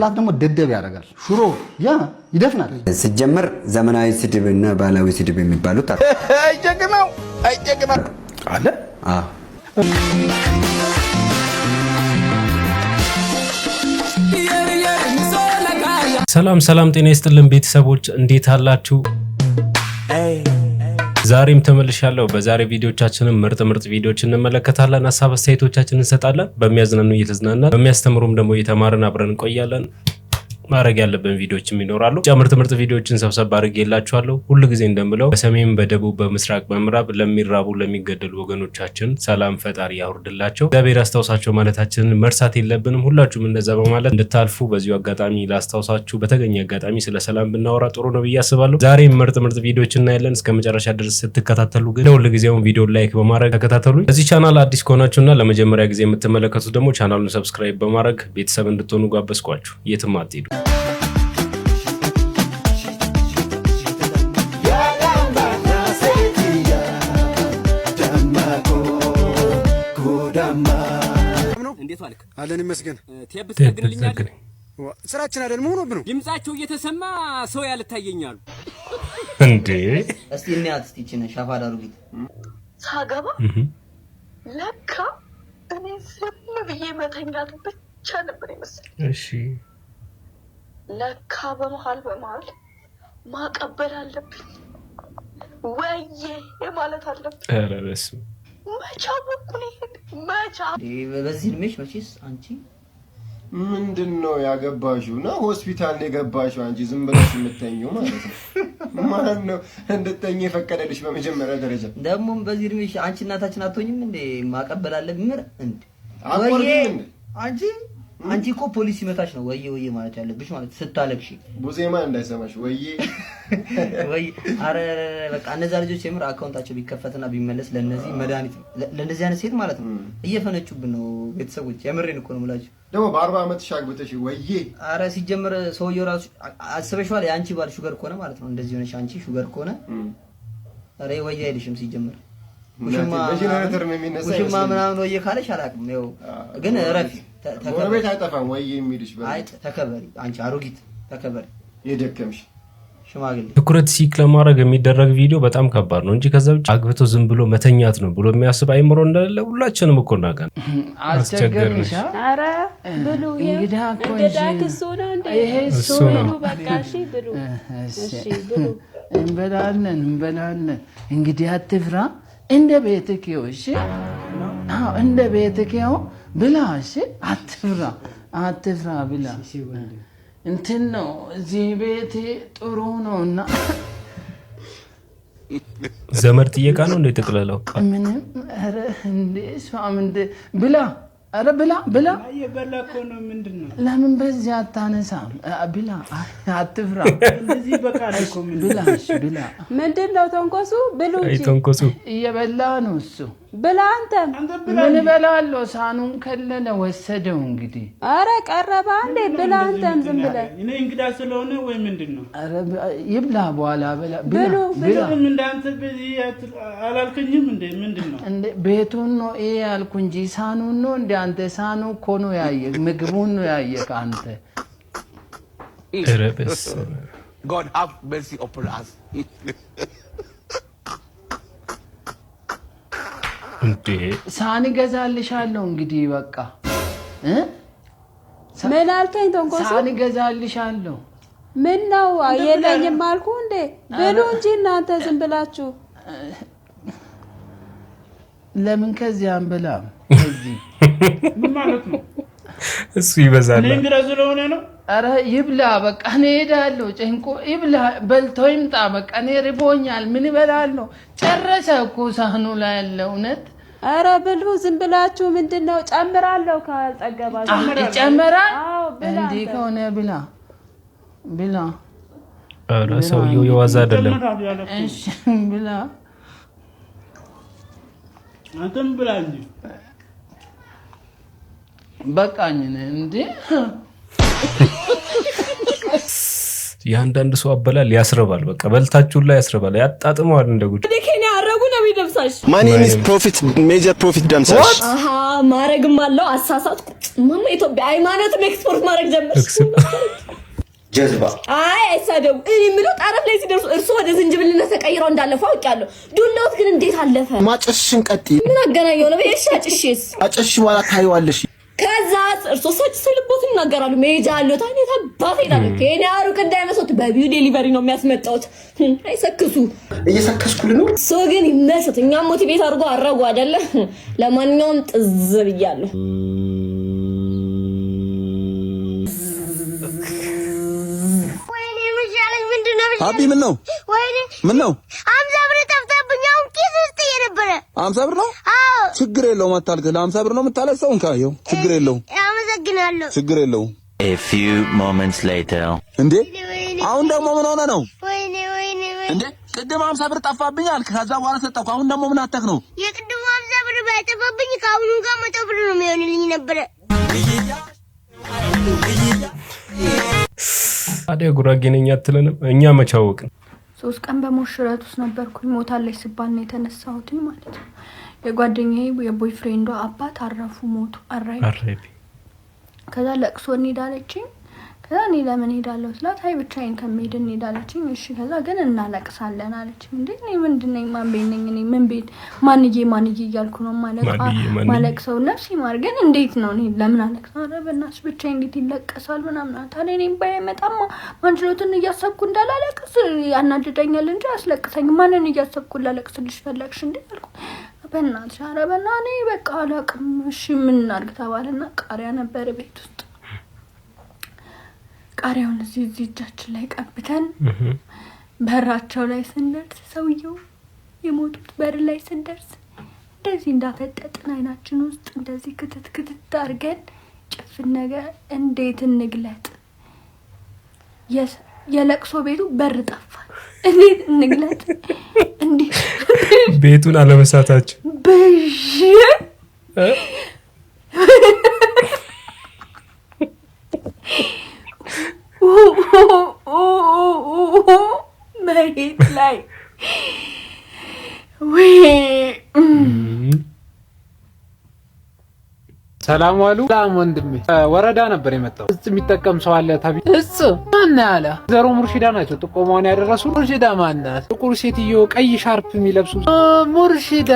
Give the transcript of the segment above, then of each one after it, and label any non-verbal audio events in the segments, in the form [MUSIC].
ላት ደግሞ ደደብ ያደርጋል። ሽሮ ያ ይደፍናል። ስጀምር ዘመናዊ ስድብ እና ባህላዊ ስድብ የሚባሉት አይጨቅናው አይጨቅናው አለ። ሰላም ሰላም፣ ጤና ይስጥልን ቤተሰቦች እንዴት አላችሁ? ዛሬም ተመልሻለሁ። በዛሬ ቪዲዮቻችንን ምርጥ ምርጥ ቪዲዮች እንመለከታለን፣ ሀሳብ አስተያየቶቻችን እንሰጣለን። በሚያዝናኑ እየተዝናናን በሚያስተምሩም ደግሞ እየተማርን አብረን እንቆያለን። ማድረግ ያለብን ቪዲዮዎችም ይኖራሉ። ብቻ ምርጥ ቪዲዮዎችን ሰብሰብ አድርጌ የላችኋለሁ። ሁል ጊዜ እንደምለው በሰሜን በደቡብ በምስራቅ በምዕራብ ለሚራቡ ለሚገደሉ ወገኖቻችን ሰላም ፈጣሪ ያውርድላቸው፣ እግዚአብሔር አስታውሳቸው ማለታችንን መርሳት የለብንም። ሁላችሁም እንደዛ በማለት እንድታልፉ በዚሁ አጋጣሚ ላስታውሳችሁ። በተገኘ አጋጣሚ ስለ ሰላም ብናወራ ጥሩ ነው ብዬ አስባለሁ። ዛሬ ምርጥ ምርጥ ቪዲዮዎች እናያለን። እስከ መጨረሻ ድረስ ስትከታተሉ ግን ለሁሉ ጊዜውን ቪዲዮ ላይክ በማድረግ ተከታተሉ። በዚህ ቻናል አዲስ ከሆናችሁና ለመጀመሪያ ጊዜ የምትመለከቱት ደግሞ ቻናሉን ሰብስክራይብ በማድረግ ቤተሰብ እንድትሆኑ ጋበዝኳችሁ። የትም አትሄዱ። እንዴት ዋልክ? አለን ይመስገን። ቴፕ ትጠግንልኛለህ? ስራችን አይደል መሆኑ ብነው ድምጻቸው እየተሰማ ሰው ያልታየኛሉ እንዴ። እስቲ እናያት እስቲ ሻፋ ሻፋዳ ሩጊት ሳገባ ለካ እኔ ዝም ብዬ መተኛት ብቻ ነበር ይመስል። እሺ ለካ በመሀል በመሀል ማቀበል አለብኝ ወይ የማለት አለብኝ። ኧረ በስመ መቻ በኩል መቻ በዚህ እድሜሽ መቼስ አንቺ ምንድን ነው ያገባሽው? እና ሆስፒታል የገባሽው አንቺ ዝም ብለሽ የምተኘው ማለት ነው። ማን ነው እንድተኝ የፈቀደልሽ? በመጀመሪያ ደረጃ ደግሞም በዚህ እድሜሽ አንቺ እናታችን አትሆኝም እንዴ? ማቀበል አለ ምር እንዴ አንቺ አንቺ እኮ ፖሊስ ሲመታሽ ነው ወዬ ወዬ ማለት ያለብሽ፣ ማለት ስታለቅሽ ቡዜማ እንዳይሰማሽ ወዬ [LAUGHS] ወይ። አረ በቃ እነዛ ልጆች የምር አካውንታቸው ቢከፈትና ቢመለስ ለነዚህ መድኃኒት ለእንደዚህ አይነት ሴት ማለት ነው። እየፈነጩብን ነው ቤተሰቦች፣ የምሬን እኮ ነው የምላቸው። ደግሞ በአርባ ዓመት ሻግብተሽ ወዬ። አረ ሲጀመር ሰውየው ራሱ አስበሽዋል። የአንቺ ባል ሹገር ከሆነ ማለት ነው እንደዚህ ሆነሽ አንቺ ሹገር ከሆነ አረ ወዬ አይልሽም ሲጀመር ውሽማ ምናምን ወዬ ካለሽ አላውቅም። ግን እረፊ ጎረቤት አይጠፋም ወይ የሚልሽ ተከበሪ፣ አንቺ አሮጊት ተከበሪ፣ የደከምሽ ትኩረት ሲክ ለማድረግ የሚደረግ ቪዲዮ በጣም ከባድ ነው እንጂ ከዛ ውጭ አግብቶ ዝም ብሎ መተኛት ነው ብሎ የሚያስብ አይምሮ እንደሌለ ሁላችንም እኮ እንበላለን፣ እንበላለን። እንግዲህ አትፍራ፣ እንደ ቤትክ ይኸው። እሺ፣ እንደ ቤትክ እሺ እንደ ቤትክ ብላ እሺ፣ አትፍራ አትፍራ ብላ እንትን ነው። እዚህ ቤቴ ጥሩ ነው እና ዘመድ ጥየቃ ነው እንደ ጠቅለለው ምንም ብላ ኧረ ብላ ብላ ለምን በዚህ አታነሳም? ብላ አትፍራ ብላ ምንድን ነው ተንኮሱ? ብሉ ተንኮሱ እየበላ ነው እሱ ብላ አንተም ምን እበላለሁ። ሳኑን ከለለ ወሰደው። እንግዲህ አረ ቀረበ አንዴ ብላ አንተም ዝም ብለህ እኔ እንግዳ ስለሆነ ወይ ምንድን ነው? ይብላ በኋላ በላ ብሎ ብሎ እንዳንተ አላልከኝም እንዴ? ምንድን ነው ቤቱን ነው ይሄ ያልኩ እንጂ ሳኑን ነው እንደ አንተ ሳኑ እኮ ነው ያየ ምግቡን ነው ያየ አንተ ረበስ [LAUGHS] እንዴ ሳህን እገዛልሻለሁ። እንግዲህ በቃ ምን አልከኝ? ተንኮል ሳህን እገዛልሻለሁ። ምን ነው የለኝም አልኩ እንዴ? ብሉ እንጂ እናንተ ዝም ብላችሁ። ለምን ከዚህ አንበላም? [LAUGHS] እሱ ይበዛል። እንግዳ ስለሆነ ነው። ኧረ ይብላ በቃ እኔ እሄዳለሁ። ጭንቁ ይብላ በልቶ ይምጣ በቃ እኔ ርቦኛል። ምን እበላለሁ? ጨረሰ እኮ ሳህኑ ላይ ያለ እውነት አረ ብሉ ዝም ብላችሁ ምንድን ነው? ጨምራለሁ ካልጠገባችሁ ጨምራል። እንዲህ ከሆነ ብላ ብላ። አረ ሰውዬው የዋዛ አይደለም። ብላ አንተም ብላ እንጂ በቃኝ እንዴ! የአንዳንድ ሰው አበላል ያስርባል። በቃ በልታችሁን ላይ ያስርባል፣ ያጣጥመዋል እንደ ጉድ ደምሳሽ ማይ ኔም ኢዝ ፕሮፊት ሜጀር ፕሮፊት ደምሳሽ። አሀ ማረግም አለው አሳሳትኩ። ማማ ኢትዮጵያ ሃይማኖትም ኤክስፖርት ማድረግ ጀምር። [LAUGHS] ጀዝባ አይ አይሳደቡ። እኔ የምለው ጣረፍ ላይ ሲደርሱ እርሱ ወደ ዝንጅብልነት ተቀይረው እንዳለፈ አውቄያለሁ። ዱላውት ግን እንዴት አለፈ? ማጨሽን ቀጥይ። ምን አገናኘው ነው? በየሻጭሽስ አጨሽ በኋላ ታይዋለሽ ከዛ እርሶ ሰጭ ስልቦት ይናገራሉ። መሄጃ አለት አይነት ታባት ይላሉ። የኔ አሩቅ እንዳይመስሎት በቢዩ ዴሊቨሪ ነው የሚያስመጣውት። አይሰክሱ እየሰከስኩል ነው። እሱ ግን ይመስት እኛም ሞቲቬት አድርጎ አረጉ አይደለ። ለማንኛውም ጥዝ ብያለሁ። አቢ ምን ነው ምን ነው? አምሳ ብር ጠፍታብኝ። አሁን ኪስ ውስጥ እየነበረ አምሳ ብር ነው ችግር የለውም። አታልቅስ። ለሀምሳ ብር ነው የምታለቅሰው። እንካ ይኸው፣ ችግር የለውም። አመሰግናለሁ። ችግር የለውም። A few moments later እንዴ፣ አሁን ደግሞ ምን ሆነ ነው ወይኔ ወይኔ እንዴ? ቅድም ሀምሳ ብር ጠፋብኝ አልክ፣ ከዛ በኋላ ሰጠኩ። አሁን ደግሞ ምን አተክ ነው? የቅድም ሀምሳ ብር ባይጠፋብኝ ከአሁኑ ጋር መቶ ብር ነው የሚሆንልኝ ነበረ። ታዲያ ጉራጌ ነኝ አትለንም? እኛ መቻወቅን ሶስት ቀን በሞሽረት ውስጥ ነበርኩኝ። ሞታለች ስባል ነው የተነሳሁትኝ ማለት ነው። የጓደኛዬ የቦይፍሬንዷ አባት አረፉ፣ ሞቱ፣ አራይ ከዛ ለቅሶ እንሄዳለችኝ። ከዛ እኔ ለምን ሄዳለሁ ስላት አይ ብቻዬን ከመሄድ እንሄዳለችኝ። እሺ ከዛ ግን እናለቅሳለን አለችኝ። እንዴ እኔ ምንድን ነኝ? ማን ቤት ነኝ? እኔ ምን ቤት ማንዬ ማንዬ እያልኩ ነው ማለቅሰው። ሰው ማር ግን እንዴት ነው እኔ ለምን አለቅሳ? ኧረ በእናትሽ ብቻዬን እንዴት ይለቀሳል? ምናምን ታዲያ እኔ ባይመጣማ ማንችሎትን እያሰብኩ እንዳላለቅስ ያናድደኛል እንጂ አስለቅሰኝ። ማንን እያሰብኩ ላለቅስልሽ ፈለግሽ? እንዴ አልኩ በእናትሽ ኧረ በእናትሽ እኔ በቃ አላቅም። እሺ ምን እናድርግ ተባለና ቃሪያ ነበር ቤት ውስጥ ቃሪያውን እዚህ እዚህ እጃችን ላይ ቀብተን በራቸው ላይ ስንደርስ ሰውየው የሞቱት በር ላይ ስንደርስ እንደዚህ እንዳፈጠጥን አይናችን ውስጥ እንደዚህ ክትት ክትት አድርገን ጭፍን ነገር እንዴት እንግለጥ? የለቅሶ ቤቱ በር ጠፋል። እንዴት እንግለጥ? እንዴት ቤቱን አለመሳታቸው መሬት ላይ ሰላም ዋሉ። ሰላም ወንድሜ፣ ወረዳ ነበር የመጣው። እጽ የሚጠቀም ሰው አለ ተብዬ እጽ ማን አለ? ዘሮ ሙርሺዳ ናቸው ጥቆማውን ያደረሱ። ሙርሺዳ ማናት? ጥቁር ሴትዮ ቀይ ሻርፕ የሚለብሱ ሙርሺዳ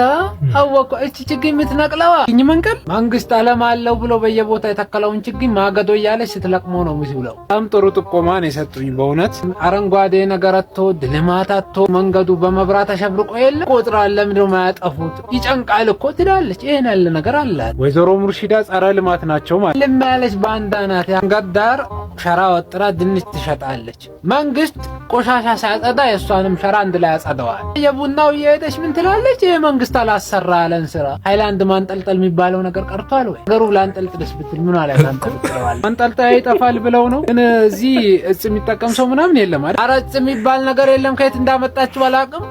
አወቀ። እቺ ችግኝ የምትነቅለዋ ኝ መንቀል መንግስት አለም አለው ብሎ በየቦታ የተከለውን ችግኝ ማገዶ እያለች ስትለቅሞ ነው ብለው በጣም ጥሩ ጥቆማን የሰጡኝ በእውነት አረንጓዴ ነገር አቶ ልማት አቶ መንገዱ በመብራት አሸብርቆ የለ ቆጥራ ለምንድነው ማያጠፉት? ይጨንቃል እኮ ትላለች። ይህን ያለ ነገር አላት ወይዘሮ ሙርሺዳ ጸረ ልማት ናቸው ማለት ልማ ያለች ባንዳ ናት። አንገት ዳር ሸራ ወጥራ ድንች ትሸጣለች። መንግስት ቆሻሻ ሲያጸዳ የእሷንም ሸራ አንድ ላይ ያጸደዋል። የቡናው እየሄደች ምን ትላለች? ይህ መንግስት አላሰራ ያለን ስራ ሀይላንድ ማንጠልጠል የሚባለው ነገር ቀርቷል ወይ? ነገሩ ላንጠልጥልስ ብትል ምን ላይ ታንጠልጥለዋል? ማንጠልጠያ ይጠፋል ብለው ነው። ግን እዚህ እጽ የሚጠቀም ሰው ምናምን የለም። አረ እጽ የሚባል ነገር የለም። ከየት እንዳመጣችሁ አላቅም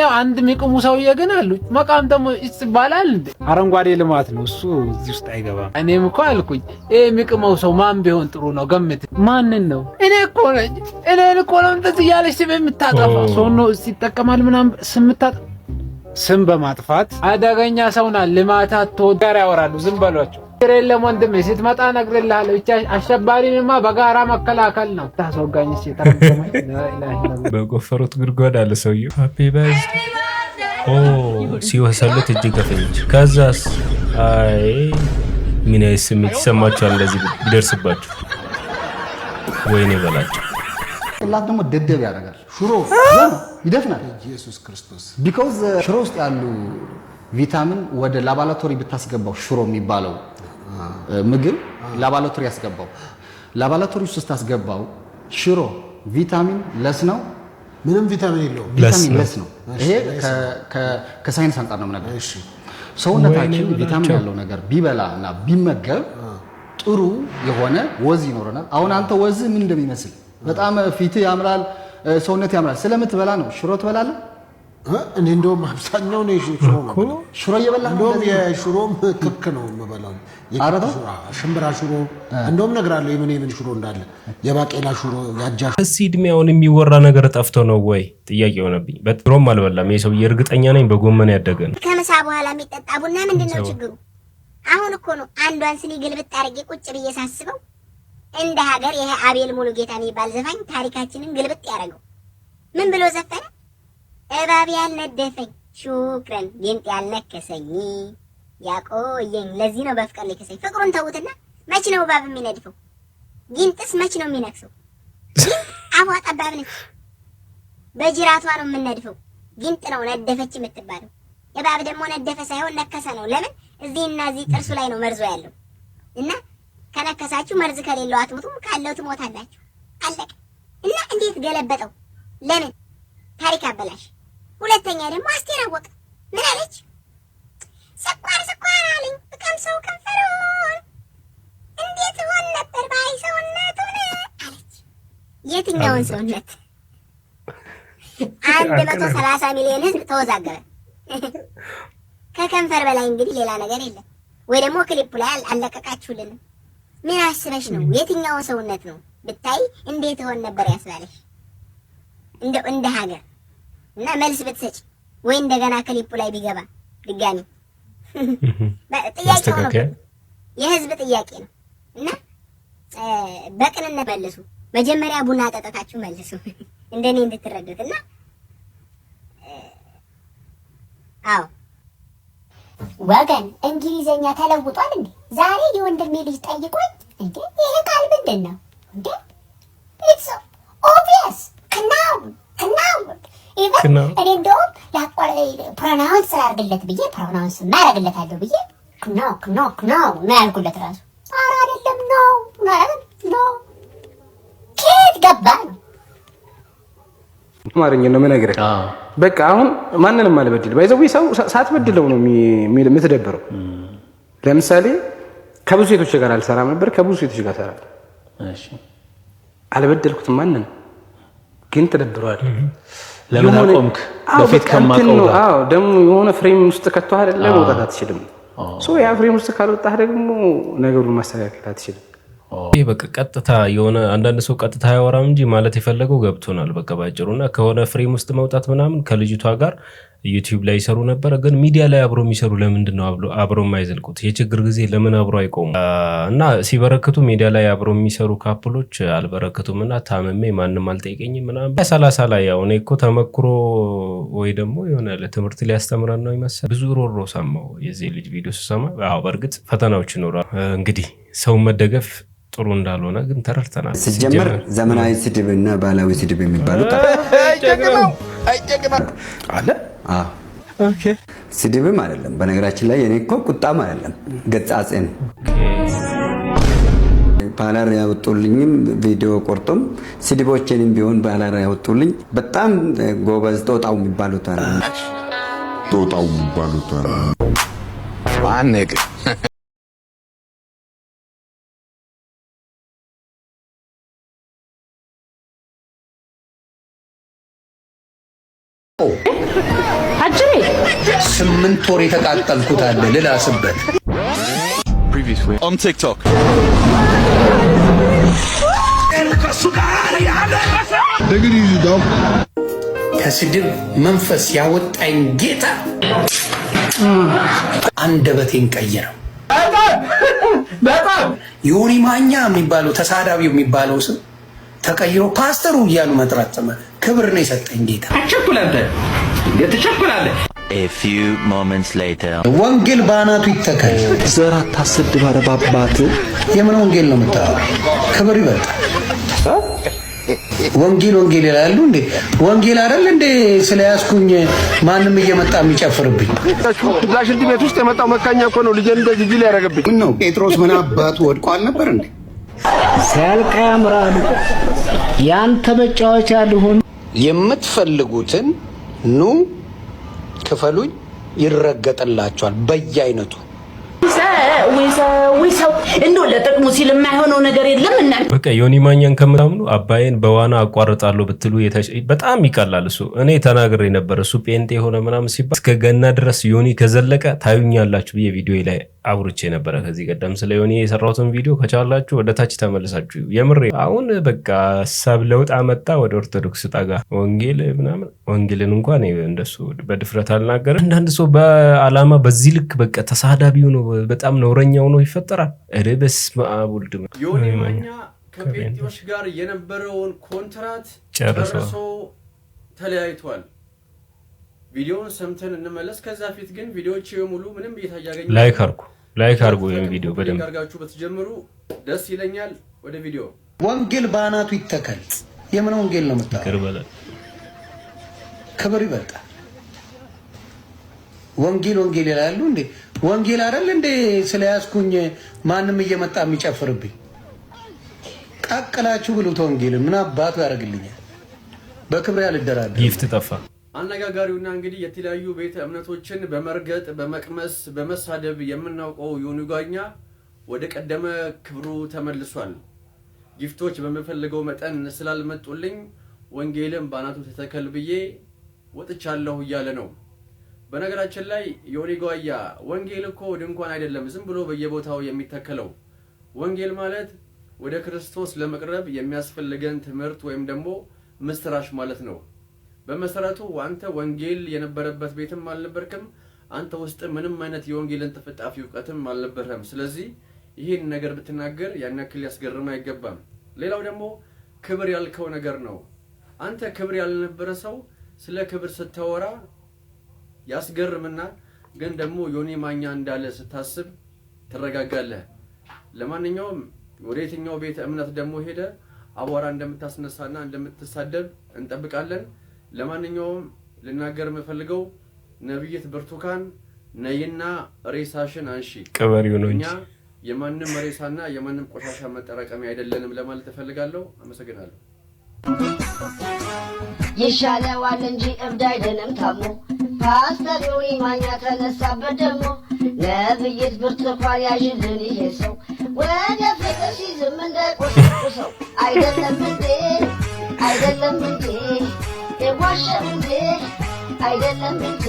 ያው አንድ የሚቅሙ ሰውዬ ግን አሉ። መቃም ደግሞ እጽ ይባላል እንዴ? አረንጓዴ ልማት ነው እሱ፣ እዚህ ውስጥ አይገባም። እኔም እኮ አልኩኝ ይሄ የሚቅመው ሰው ማን ቢሆን ጥሩ ነው? ገምት። ማንን ነው? እኔ እኮ ነኝ። እኔን እኮ ነው እንደዚህ እያለች ስም የምታጠፋ ነው። እጽ ይጠቀማል ምናምን ስምታጥ ስም በማጥፋት አደገኛ ሰውና ልማታት ተወዳሪ ያወራሉ። ዝም በሏቸው። ችግር የለም ወንድሜ፣ ስትመጣ እነግርልሃለሁ። ብቻ አሸባሪንማ በጋራ መከላከል ነው። ታስወጋኝ በቆፈሩት ጉድጓድ አለ ሰውዬው ሲወሰሉት እጅ ገፈች። ከዛስ አይ ምን አይነት ስሜት ይሰማቸዋል? እንደዚህ ይደርስባችሁ ወይኔ በላቸው። ጭንቅላት ደግሞ ደደብ ያደርጋል። ሽሮ ይደፍናል። ኢየሱስ ክርስቶስ ቢኮዝ ሽሮ ውስጥ ያሉ ቪታሚን ወደ ላቦራቶሪ ብታስገባው ሽሮ የሚባለው ምግብ ላቦራቶሪ ያስገባው። ላባላቶሪ ውስጥ ስታስገባው ሽሮ ቪታሚን ለስ ነው፣ ምንም ቪታሚን የለውም። ቪታሚን ለስ ነው። ይሄ ከሳይንስ አንጻር ነው ነገር ሰውነታችን ቪታሚን ያለው ነገር ቢበላ እና ቢመገብ ጥሩ የሆነ ወዝ ይኖረናል። አሁን አንተ ወዝ ምን እንደሚመስል በጣም ፊት ያምራል፣ ሰውነት ያምራል ስለምትበላ ነው። ሽሮ ትበላለህ እኔ እንደውም አብዛኛው ነው ሽሮ ሽሮ እየበላ እንደውም የሽሮም ክክ ነው የምበላው። ሽምብራ ሽሮ እንደውም እነግርሃለሁ የምን የምን ሽሮ እንዳለ የባቄላ ሽሮ ያጃ እስ እድሜያውን የሚወራ ነገር ጠፍቶ ነው ወይ ጥያቄ ሆነብኝ። በትሮም አልበላም ይህ ሰውዬ እርግጠኛ ነኝ በጎመን ያደገ ነው። ከምሳ በኋላ የሚጠጣ ቡና ምንድን ነው ችግሩ? አሁን እኮ ነው አንዷን ስኒ ግልብጥ አድርጌ ቁጭ ብዬ ሳስበው እንደ ሀገር ይሄ አቤል ሙሉ ጌታ የሚባል ዘፋኝ ታሪካችንን ግልብጥ ያደረገው ምን ብሎ ዘፈነ? እባብ ያልነደፈኝ ሹክረን ጊንጥ ያልነከሰኝ ያቆየኝ ለዚህ ነው በፍቅር ላይ ፍቅሩን ተውትና መች ነው እባብ የሚነድፈው? ጊንጥስ መች ነው የሚነክሰው? አቧ ጠባብ ነች፣ በጅራቷ ነው የምነድፈው። ጊንጥ ነው ነደፈች የምትባለው። እባብ ደግሞ ነደፈ ሳይሆን ነከሰ ነው። ለምን እዚህና እዚህ ጥርሱ ላይ ነው መርዞ ያለው እና ከነከሳችሁ መርዝ ከሌለው አትሞቱም፣ ካለው ትሞታላችሁ። አለቀ እና እንዴት ገለበጠው? ለምን ታሪክ አበላሽ? ሁለተኛ ደግሞ አስቴር አወቀ ምን አለች? ስኳር ስኳር አለኝ ሰው ከንፈሩን እንዴት ሆን ነበር ባይ ሰውነቱን አለች። የትኛውን ሰውነት? አንድ መቶ ሰላሳ ሚሊዮን ህዝብ ተወዛገበ። ከከንፈር በላይ እንግዲህ ሌላ ነገር የለም። ወይ ደግሞ ክሊፑ ላይ አለቀቃችሁልን። ምን አስበሽ ነው? የትኛው ሰውነት ነው ብታይ እንዴት ሆን ነበር ያስባለሽ እንደ እንደ ሀገር እና መልስ ብትሰጭ ወይ እንደገና ክሊፑ ላይ ቢገባ ድጋሚ ጥያቄ ነው፣ የህዝብ ጥያቄ ነው እና በቅንነት መልሱ። መጀመሪያ ቡና ጠጠታችሁ መልሱ፣ እንደኔ እንድትረዱት እና አዎ ወገን እንግሊዘኛ ተለውጧል እንዴ? ዛሬ የወንድሜ ልጅ ጠይቆኝ እንዴ ይሄ ቃል ምንድን ነው እኔ እንደውም ፕሮናውንስ ስላደርግለት ብዬ ፕሮናውንስ እናደርግለታለሁ ብዬ ክኖ ክኖ ክኖ ነው ያልኩለት። ራሱ ኧረ አይደለም ነው ነው ከየት ገባ ነው አማርኛ ነው የምነግርህ። በቃ አሁን ማንንም አልበድል ባይዘው ሰው ሳትበድለው ነው የምትደብረው። ለምሳሌ ከብዙ ሴቶች ጋር አልሰራም ነበር፣ ከብዙ ሴቶች ጋር እሰራለሁ። አልበደልኩትም ማንንም ግን ተደብረዋል። ለምን አቆምክ? በፊት ከማቀው ደግሞ የሆነ ፍሬም ውስጥ ከቶ አይደለ መውጣት አትችልም። ያ ፍሬም ውስጥ ካልወጣህ ደግሞ ነገሩን ማስተካከል አትችልም። ይህ በቃ ቀጥታ የሆነ አንዳንድ ሰው ቀጥታ አያወራም እንጂ ማለት የፈለገው ገብቶናል። በቃ ባጭሩ እና ከሆነ ፍሬም ውስጥ መውጣት ምናምን ከልጅቷ ጋር ዩቲዩብ ላይ ይሰሩ ነበረ። ግን ሚዲያ ላይ አብሮ የሚሰሩ ለምንድን ነው አብሮ የማይዘልቁት? የችግር ጊዜ ለምን አብሮ አይቆሙ? እና ሲበረክቱ ሚዲያ ላይ አብሮ የሚሰሩ ካፕሎች አልበረክቱም እና ታመሜ ማንም አልጠይቀኝም ምናምን ሰላሳ ላይ ያው እኔ እኮ ተመክሮ ወይ ደግሞ የሆነ ለትምህርት ሊያስተምረን ነው ይመስል ብዙ ሮሮ ሰማው የዚህ ልጅ ቪዲዮ ስሰማ። በእርግጥ ፈተናዎች ይኖራል እንግዲህ ሰውን መደገፍ ጥሩ እንዳልሆነ ግን ተረድተናል። ስጀምር ዘመናዊ ስድብ እና ባህላዊ ስድብ የሚባሉ አለ ስድብም አይደለም። በነገራችን ላይ የኔ እኮ ቁጣም አይደለም፣ ገጻጼ ነው። ባላር ያወጡልኝም ቪዲዮ ቆርጦም ስድቦችንም ቢሆን ባላር ያወጡልኝ። በጣም ጎበዝ ጦጣው የሚባሉት ጦጣው የሚባሉት ማነግ አጅሬ ስምንት ወር የተቃጠልኩት አለ ልላስበት። ከስድብ መንፈስ ያወጣኝ ጌታ አንደበቴን ቀይረው። ዮኒ ማኛ የሚባለው ተሳዳቢው የሚባለው ስም ተቀይሮ ፓስተሩ እያሉ መጥራት ተመለ ክብር ነው የሰጠኝ ጌታ። አትቸኩላለህ፣ ትቸኩላለህ። ወንጌል በአናቱ ይተከል። ዘር አታሰድብ። አረባባት የምን ወንጌል ነው የምታወራው? ክብር ይበልጣል። ወንጌል ወንጌል ይላሉ እንዴ? ወንጌል አይደል እንዴ? ስለያዝኩኝ ማንም እየመጣ የሚጨፍርብኝ ትላሽ እንዲህ ቤት ውስጥ የመጣው መካኛ እኮ ነው። ልጄን እንደዚህ ጅል ያደረገብኝ ምን ነው? ጴጥሮስ ምን አባቱ ወድቆ አልነበር እንዴ? ሲያልቅ ያምራሉ። ያንተ መጫወቻ ልሆን የምትፈልጉትን ኑ ክፈሉኝ፣ ይረገጥላቸዋል በየአይነቱ ሰው ለጥቅሙ ሲል የማይሆነው ነገር የለም። እና በቃ ዮኒ ማኛን ከምታምኑ አባይን በዋና አቋርጣለሁ ብትሉ በጣም ይቀላል። እሱ እኔ ተናግሬ ነበር። እሱ ጴንጤ የሆነ ምናምን ሲባል እስከ ገና ድረስ ዮኒ ከዘለቀ ታዩኛላችሁ ብዬ ቪዲዮ ላይ አውርቼ ነበረ ከዚህ ቀደም ስለ ዮኒ የሰራሁትን ቪዲዮ ከቻላችሁ ወደ ታች ተመልሳችሁ የምሬ አሁን በቃ ሀሳብ ለውጥ አመጣ ወደ ኦርቶዶክስ ጠጋ ወንጌል ምናምን ወንጌልን እንኳን እንደሱ በድፍረት አልናገረ አንዳንድ ሰው በአላማ በዚህ ልክ በቃ ተሳዳቢ ሆኖ በጣም ነውረኛ ሆኖ ይፈጠራል። ኧረ በስመ አብ ወልድ ዮኒ ማኛ ከጴንጤዎች ጋር የነበረውን ኮንትራት ጨርሶ ተለያይቷል። ቪዲዮውን ሰምተን እንመለስ። ከዛ ፊት ግን ቪዲዮዎች የሙሉ ምንም እየታያገኝ ላይክ አድርጉ። ላይክ ይህን ቪዲዮ በደንብ አድርጋችሁ ብትጀምሩ ደስ ይለኛል። ወደ ቪዲዮ ወንጌል በአናቱ ይተከል። የምን ወንጌል ነው የምታወራው? ክብር ይበልጣል። ወንጌል ወንጌል ይላሉ እንዴ? ወንጌል አይደል እንዴ? ስለያዝኩኝ ማንም እየመጣ የሚጨፍርብኝ ቀቅላችሁ ብሉት። ወንጌል ምን አባቱ ያደርግልኛል? በክብር ያልደራደር። ጊፍት ጠፋ አነጋጋሪውና እንግዲህ የተለያዩ ቤተ እምነቶችን በመርገጥ በመቅመስ በመሳደብ የምናውቀው ዮኒ ወደ ቀደመ ክብሩ ተመልሷል። ጊፍቶች በምፈልገው መጠን ስላልመጡልኝ ወንጌልም በአናቱ ተተከል ብዬ ወጥቻለሁ እያለ ነው። በነገራችን ላይ ዮኒ ጓኛ ወንጌል እኮ ድንኳን አይደለም ዝም ብሎ በየቦታው የሚተከለው። ወንጌል ማለት ወደ ክርስቶስ ለመቅረብ የሚያስፈልገን ትምህርት ወይም ደግሞ ምስራች ማለት ነው። በመሰረቱ አንተ ወንጌል የነበረበት ቤትም አልነበርክም። አንተ ውስጥ ምንም አይነት የወንጌልን ተፈጣፊ እውቀትም አልነበረም። ስለዚህ ይህን ነገር ብትናገር ያን ያክል ሊያስገርም አይገባም። ሌላው ደግሞ ክብር ያልከው ነገር ነው። አንተ ክብር ያልነበረ ሰው ስለ ክብር ስታወራ ያስገርምና ግን ደግሞ ዮኒ ማኛ እንዳለ ስታስብ ትረጋጋለህ። ለማንኛውም ወደ የትኛው ቤተ እምነት ደግሞ ሄደ አቧራ እንደምታስነሳና እንደምትሳደብ እንጠብቃለን። ለማንኛውም ልናገር የምፈልገው ነብይት ብርቱካን ነይና ሬሳሽን አንሺ ቀበሪው ነው እኛ የማንም ሬሳና የማንም ቆሻሻ መጠራቀሚያ አይደለንም ለማለት እፈልጋለሁ። አመሰግናለሁ። ይሻለዋል እንጂ እብድ አይደለም ታሞ ፓስተሪው ማኛ ተነሳበት ደግሞ ነብይት ብርቱካን ያዥልን ይሄ ሰው ወደ ፍቅር ሲዝም ሰው አይደለም እንዴ አይደለም እንዴ የዋሸው እንዴ አይደለም እንዴ?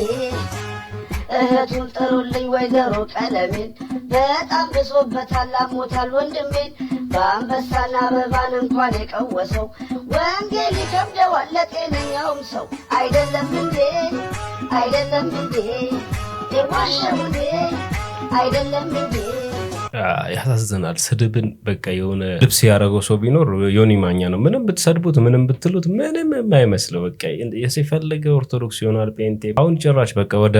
እህቱን ጥሩልኝ ወይዘሮ ቀለሜን በጣም ብሶበታል አሞታል ወንድሜን። በአንበሳና በባን እንኳን የቀወሰው ወንጌል ይከብደዋል ለጤነኛውም ሰው አይደለም እንዴ አይደለም እንዴ የዋሸው እንዴ አይደለም እንዴ? ያሳዝናል። ስድብን በቃ የሆነ ልብስ ያደረገው ሰው ቢኖር ዮኒ ማኛ ነው። ምንም ብትሰድቡት፣ ምንም ብትሉት ምንም የማይመስለው በቃ የፈለገ ኦርቶዶክስ ይሆናል ጴንጤ። አሁን ጭራሽ በቃ ወደ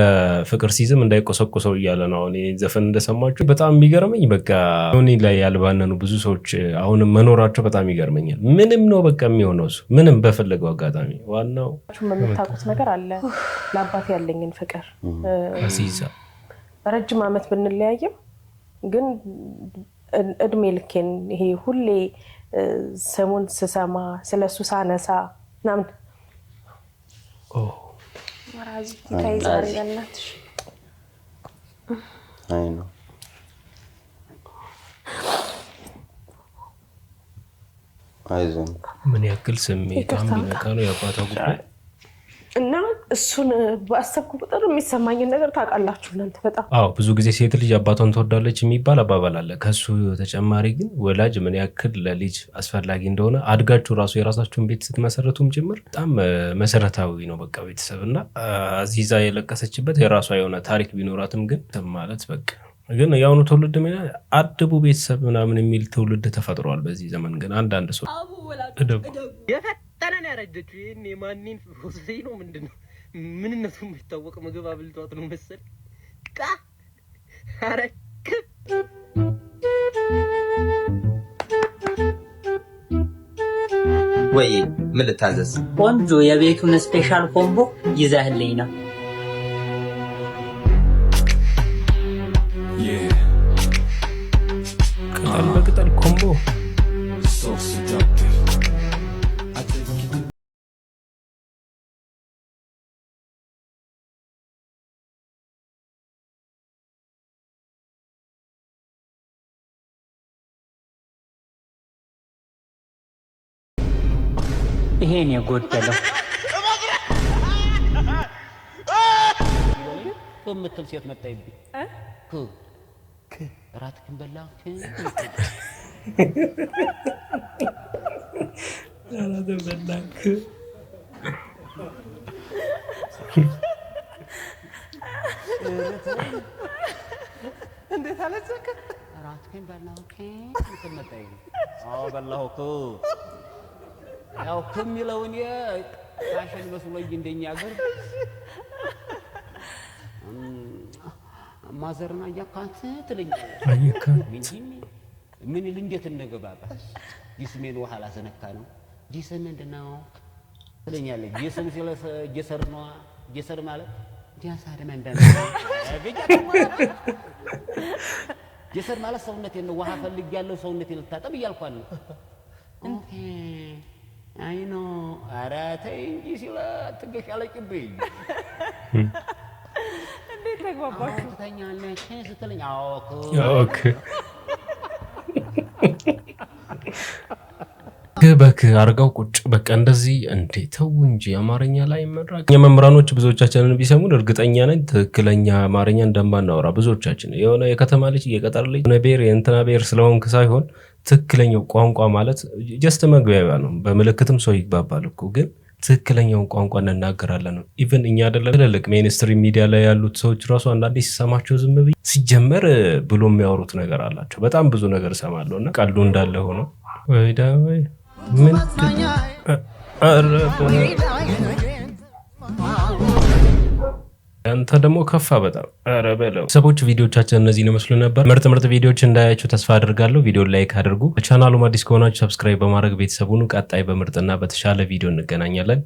ፍቅር ሲዝም እንዳይቆሰቁሰው እያለ ነው። አሁን ዘፈን እንደሰማችሁ በጣም የሚገርመኝ በቃ ዮኒ ላይ ያልባነኑ ብዙ ሰዎች አሁንም መኖራቸው በጣም ይገርመኛል። ምንም ነው በቃ የሚሆነው እሱ ምንም በፈለገው አጋጣሚ ዋናው የምታውቁት ነገር አለ ለአባት ያለኝን ፍቅር ረጅም ዓመት ብንለያየም ግን እድሜ ልኬን ይሄ ሁሌ ስሙን ስሰማ ስለ እሱ ሳነሳ ምናምን ምን ያክል ስሜታም ነው የአባቷ ጉዳይ እና እሱን በአሰብኩ ቁጥር የሚሰማኝን ነገር ታውቃላችሁ እናንተ በጣም አዎ። ብዙ ጊዜ ሴት ልጅ አባቷን ትወዳለች የሚባል አባባል አለ። ከሱ ተጨማሪ ግን ወላጅ ምን ያክል ለልጅ አስፈላጊ እንደሆነ አድጋችሁ ራሱ የራሳችሁን ቤት ስትመሰረቱም ጭምር በጣም መሰረታዊ ነው። በቃ ቤተሰብ እና አዚዛ የለቀሰችበት የራሷ የሆነ ታሪክ ቢኖራትም ግን ማለት በቃ ግን የአሁኑ ትውልድ ምን አድቡ ቤተሰብ ምናምን የሚል ትውልድ ተፈጥሯል። በዚህ ዘመን ግን አንዳንድ ሰው የፈጠነ ነው ያረጀችው። ይህን የማንን ነው ምንድን ነው ምንነቱ የሚታወቅ ምግብ አብልቷት ነው መሰል ቃ አረክብ ወይ ምን ልታዘዝ? ቆንጆ የቤቱን ስፔሻል ኮምቦ ይዘህልኝ ነው። ቅጠል በቅጠል እኔን የጎደለው የምትል ሴት መጣይብኝ። እራትህን በላ እንዴት አለች? እራትህን በላ በላሁ ያው ከሚለው እኔ ፋሽን መስሎኝ እንደኛ ሀገር ማዘርና እያካንት ትለኛለች። ምን ይል እንዴት እነገባባ ዲስሜን ውሃ ላስነካ ነው ዲስን እንደናው ትለኛለች። ዲስን ሲለ ጀሰር ነዋ ጀሰር ማለት ዲያንስ አደማ እንዳነ ጌሰር ማለት ሰውነቴን ነው ውሃ ፈልግ ያለው ሰውነቴን ልታጠብ እያልኳን ነው I know, ada tinggi sila tegak kali kebing. ክበክ አርገው ቁጭ በቃ እንደዚህ እንዴ ተው እንጂ አማርኛ ላይ መድረክ የመምህራኖች ብዙዎቻችንን ቢሰሙን እርግጠኛ ነኝ ትክክለኛ አማርኛ እንደማናወራ ብዙዎቻችን የሆነ የከተማ ልጅ የገጠር ልጅ የሆነ ብሔር የእንትና ብሔር ስለሆንክ ሳይሆን ትክክለኛው ቋንቋ ማለት ጀስት መግባቢያ ነው። በምልክትም ሰው ይግባባል እኮ ግን ትክክለኛውን ቋንቋ እንናገራለን ነው። ኢቨን እኛ አይደለም ትልልቅ ሚኒስትሪ ሚዲያ ላይ ያሉት ሰዎች ራሱ አንዳንዴ ሲሰማቸው ዝም ብዬ ሲጀመር ብሎ የሚያወሩት ነገር አላቸው። በጣም ብዙ ነገር እሰማለሁ እና ቀሉ እንዳለ ሆኖ ወይ አንተ ደግሞ ከፋ በጣም ኧረ በለው። ሰዎች ቪዲዮቻችን እነዚህ ነው መስሉ ነበር። ምርጥ ምርጥ ቪዲዮዎች እንዳያችሁ ተስፋ አድርጋለሁ። ቪዲዮ ላይክ አድርጉ። ቻናሉም አዲስ ከሆናችሁ ሰብስክራይብ በማድረግ ቤተሰቡን ቀጣይ በምርጥና በተሻለ ቪዲዮ እንገናኛለን።